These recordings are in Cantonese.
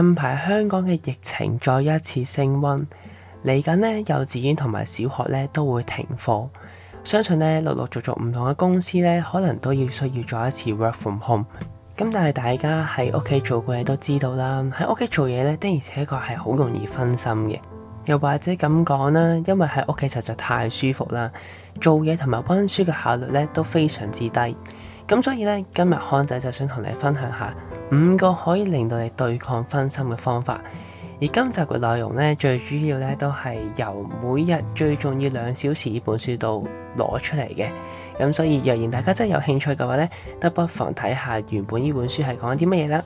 近排香港嘅疫情再一次升溫，嚟緊呢幼稚園同埋小學呢都會停課，相信呢，陸陸續續唔同嘅公司呢，可能都要需要再一次 work from home。咁但係大家喺屋企做嘅嘢都知道啦，喺屋企做嘢呢的而且確係好容易分心嘅，又或者咁講啦，因為喺屋企實在太舒服啦，做嘢同埋溫書嘅效率呢都非常之低。咁所以呢，今日康仔就想同你分享下。五個可以令到你對抗分心嘅方法，而今集嘅內容呢，最主要呢都係由每日最重要兩小時呢本書度攞出嚟嘅。咁所以，若然大家真係有興趣嘅話呢，都不妨睇下原本呢本書係講啲乜嘢啦。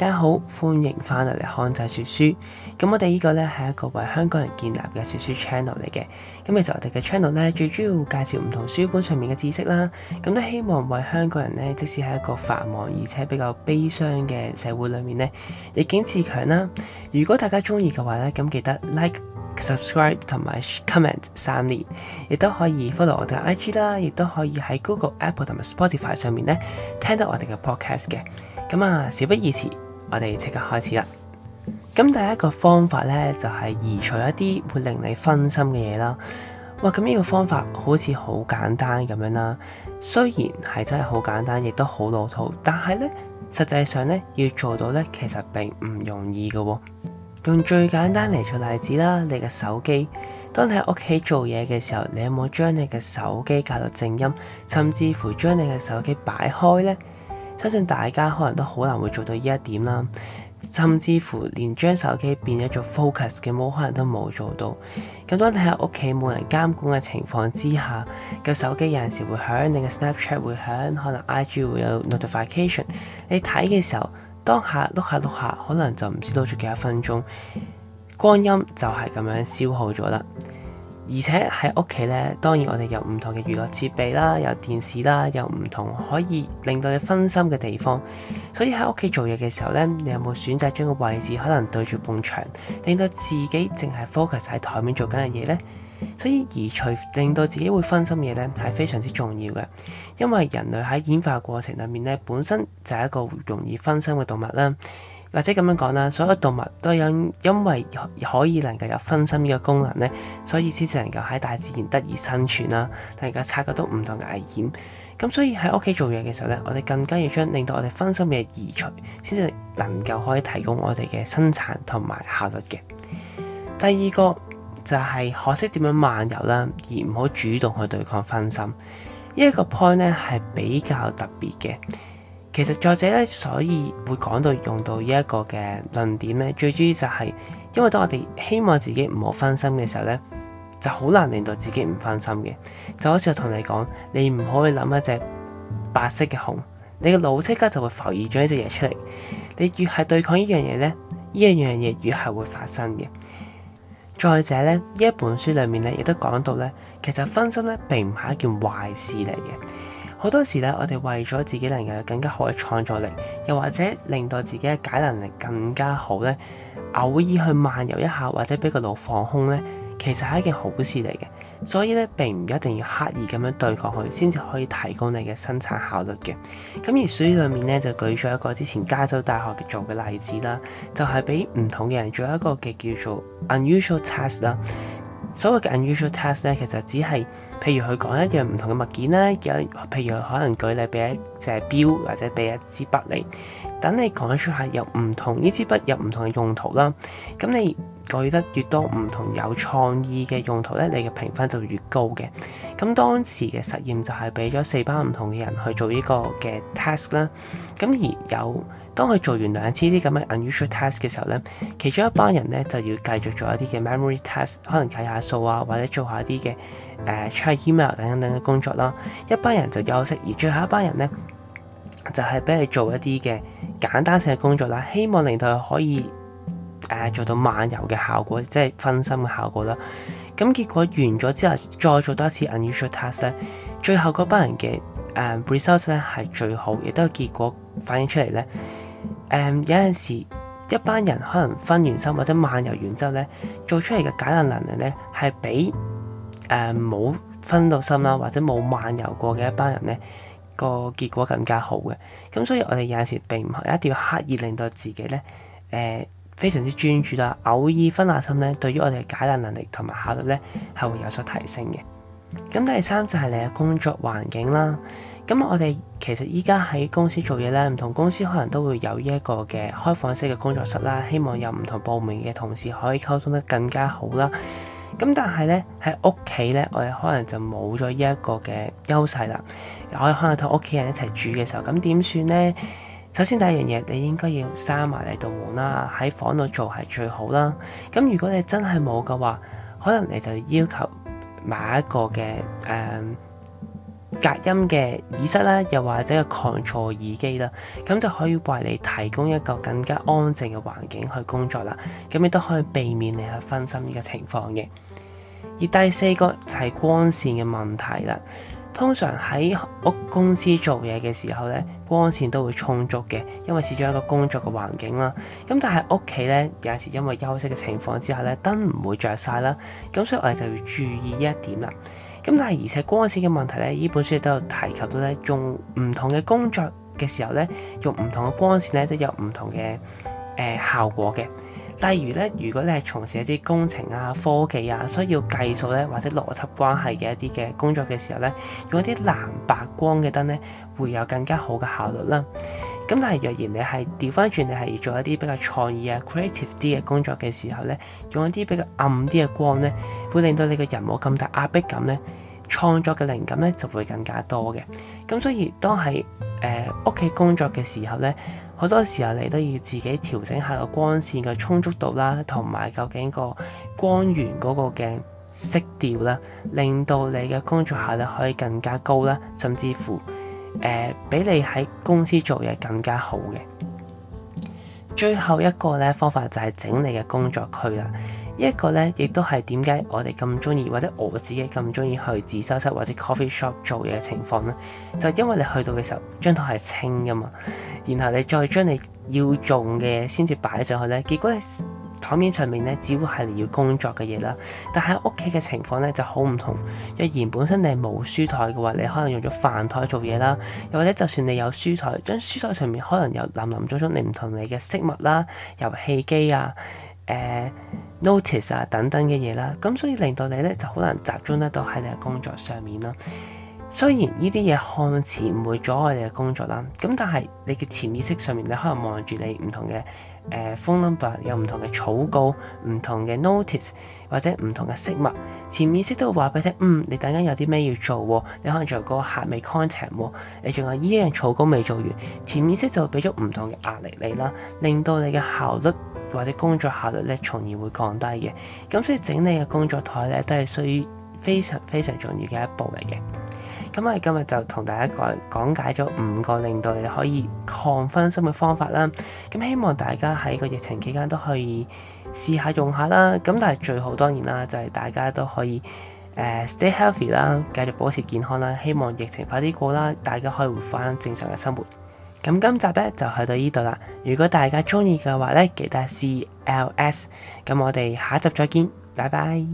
大家好，歡迎翻嚟嚟康仔說書。咁我哋呢個呢係一個為香港人建立嘅說書 channel 嚟嘅。咁其實我哋嘅 channel 呢最主要介紹唔同書本上面嘅知識啦。咁、嗯、都希望為香港人呢，即使喺一個繁忙而且比較悲傷嘅社會裡面呢，逆境自強啦。如果大家中意嘅話呢，咁、嗯、記得 like、subscribe 同埋 comment 三連，亦都可以 follow 我哋 IG 啦，亦都可以喺 Google、Apple 同埋 Spotify 上面呢，聽到我哋嘅 podcast 嘅。咁、嗯、啊，事不宜遲。我哋即刻開始啦。咁第一個方法咧，就係移除一啲會令你分心嘅嘢啦。哇！咁呢個方法好似好簡單咁樣啦。雖然係真係好簡單，亦都好老套，但係咧，實際上咧，要做到咧，其實並唔容易嘅。用最簡單嚟做例子啦，你嘅手機，當你喺屋企做嘢嘅時候，你有冇將你嘅手機校到靜音，甚至乎將你嘅手機擺開咧？相信大家可能都好難會做到呢一點啦，甚至乎連將手機變做 focus 嘅模，可能都冇做到。咁當你喺屋企冇人監管嘅情況之下，個手機有陣時會響，你嘅 Snapchat 會響，可能 IG 會有 notification，你睇嘅時候，當下碌下碌下，下，可能就唔知道咗幾多分鐘，光陰就係咁樣消耗咗啦。而且喺屋企咧，當然我哋有唔同嘅娛樂設備啦，有電視啦，有唔同可以令到你分心嘅地方。所以喺屋企做嘢嘅時候咧，你有冇選擇將個位置可能對住埲牆，令到自己淨係 focus 喺台面做緊嘅嘢呢？所以移除令到自己會分心嘅嘢咧，係非常之重要嘅，因為人類喺演化過程裏面咧，本身就係一個容易分心嘅動物啦。或者咁樣講啦，所有動物都因因為可以能夠有分心嘅功能呢，所以先至能夠喺大自然得以生存啦，而家察覺到唔同嘅危險。咁所以喺屋企做嘢嘅時候呢，我哋更加要將令到我哋分心嘅移除，先至能夠可以提供我哋嘅生產同埋效率嘅。第二個就係學識點樣漫遊啦，而唔好主動去對抗分心。呢一個 point 呢係比較特別嘅。其實作者咧，所以會講到用到呢一個嘅論點咧，最主要就係因為當我哋希望自己唔好分心嘅時候咧，就好難令到自己唔分心嘅。就好似我同你講，你唔可以諗一隻白色嘅熊，你嘅腦即刻就會浮現咗一隻嘢出嚟。你越係對抗呢樣嘢咧，呢樣樣嘢越係會發生嘅。再者咧，呢一本書裡面咧亦都講到咧，其實分心咧並唔係一件壞事嚟嘅。好多時咧，我哋為咗自己能夠有更加好嘅創造力，又或者令到自己嘅解能力更加好咧，偶爾去漫遊一下或者俾個腦放空咧，其實係一件好事嚟嘅。所以咧並唔一定要刻意咁樣對抗去，先至可以提高你嘅生產效率嘅。咁而書裏面咧就舉咗一個之前加州大學做嘅例子啦，就係俾唔同嘅人做一個嘅叫做 unusual task 啦。所謂嘅 unusual task 咧，其實只係～譬如佢講一樣唔同嘅物件啦，有譬如佢可能舉例俾一隻錶或者俾一支筆你。等你講出係有唔同呢支筆有唔同嘅用途啦，咁你。舉得越多唔同有創意嘅用途咧，你嘅評分就越高嘅。咁當時嘅實驗就係俾咗四班唔同嘅人去做呢個嘅 task 啦。咁而有當佢做完兩次呢啲咁嘅 unusual task 嘅時候咧，其中一班人咧就要繼續做一啲嘅 memory task，可能計下數啊，或者做下、呃、一下啲嘅誒 check email 等等嘅工作啦。一班人就休息，而最後一班人咧就係俾佢做一啲嘅簡單性嘅工作啦，希望令到佢可以。誒，做到漫遊嘅效果，即係分心嘅效果啦。咁結果完咗之後，再做多一次 unusual task 咧，最後嗰班人嘅誒 result 咧係最好，亦都有結果反映出嚟咧。誒、呃，有陣時一班人可能分完心或者漫遊完之後咧，做出嚟嘅解難能力咧係比誒冇、呃、分到心啦，或者冇漫遊過嘅一班人咧、那個結果更加好嘅。咁所以我哋有陣時並唔係一定要刻意令到自己咧，誒、呃。非常之專注啦，偶爾分下心咧，對於我哋嘅解答能力同埋效率咧，係會有所提升嘅。咁第三就係你嘅工作環境啦。咁我哋其實依家喺公司做嘢咧，唔同公司可能都會有依一個嘅開放式嘅工作室啦，希望有唔同部門嘅同事可以溝通得更加好啦。咁但係咧喺屋企咧，我哋可能就冇咗依一個嘅優勢啦。又可以可能同屋企人一齊住嘅時候，咁點算呢？首先第一樣嘢，你應該要閂埋你道門啦，喺房度做係最好啦。咁如果你真係冇嘅話，可能你就要求買一個嘅誒、呃、隔音嘅耳塞啦，又或者個抗噪耳機啦，咁就可以為你提供一個更加安靜嘅環境去工作啦。咁你都可以避免你去分心呢個情況嘅。而第四個就係光線嘅問題啦。通常喺屋公司做嘢嘅時候咧，光線都會充足嘅，因為始終一個工作嘅環境啦。咁但係屋企咧，有時因為休息嘅情況之下咧，燈唔會着晒啦。咁所以我哋就要注意呢一點啦。咁但係而且光線嘅問題咧，呢本書亦都有提及到咧，用唔同嘅工作嘅時候咧，用唔同嘅光線咧，都有唔同嘅誒、呃、效果嘅。例如咧，如果你係從事一啲工程啊、科技啊，需要計數咧或者邏輯關係嘅一啲嘅工作嘅時候咧，用一啲藍白光嘅燈咧，會有更加好嘅效率啦。咁但係若然你係調翻轉，你係做一啲比較創意啊、creative 啲嘅工作嘅時候咧，用一啲比較暗啲嘅光咧，會令到你個人冇咁大壓迫感咧。創作嘅靈感咧就會更加多嘅，咁所以當喺誒屋企工作嘅時候咧，好多時候你都要自己調整下個光線嘅充足度啦，同埋究竟個光源嗰個嘅色調啦，令到你嘅工作效率可以更加高啦，甚至乎誒俾、呃、你喺公司做嘢更加好嘅。最後一個咧方法就係整理嘅工作區啦。一個呢，亦都係點解我哋咁中意，或者我自己咁中意去自修室或者 coffee shop 做嘢嘅情況呢，就因為你去到嘅時候，張台係清噶嘛，然後你再將你要做嘅先至擺上去呢，結果呢台面上面呢，只會係你要工作嘅嘢啦。但喺屋企嘅情況呢，就好唔同。若然本身你係冇書台嘅話，你可能用咗飯台做嘢啦，又或者就算你有書台，將書台上面可能有林林總總你唔同你嘅飾物啦，遊戲機啊。呃、notice 啊等等嘅嘢啦，咁所以令到你咧就好難集中得到喺你嘅工作上面啦。雖然呢啲嘢看似唔會阻礙你嘅工作啦，咁但係你嘅潛意識上面你可能望住你唔同嘅誒、呃、phone number 有唔同嘅草稿、唔同嘅 notice 或者唔同嘅飾物，潛意識都會話俾你聽，嗯，你等陣有啲咩要做喎、啊？你可能仲有個客未 contact 喎、啊？你仲有依樣草稿未做完，潛意識就會俾咗唔同嘅壓力你啦，令到你嘅效率。或者工作效率咧，從而會降低嘅。咁所以整理嘅工作台咧，都係需非常非常重要嘅一步嚟嘅。咁我哋今日就同大家講講解咗五個令到你可以抗分心嘅方法啦。咁希望大家喺個疫情期間都可以試下用下啦。咁但係最好當然啦，就係、是、大家都可以誒、呃、stay healthy 啦，繼續保持健康啦。希望疫情快啲過啦，大家可以回翻正常嘅生活。咁今集咧就去到呢度啦。如果大家中意嘅話咧，記得 CLS。咁我哋下一集再見，拜拜。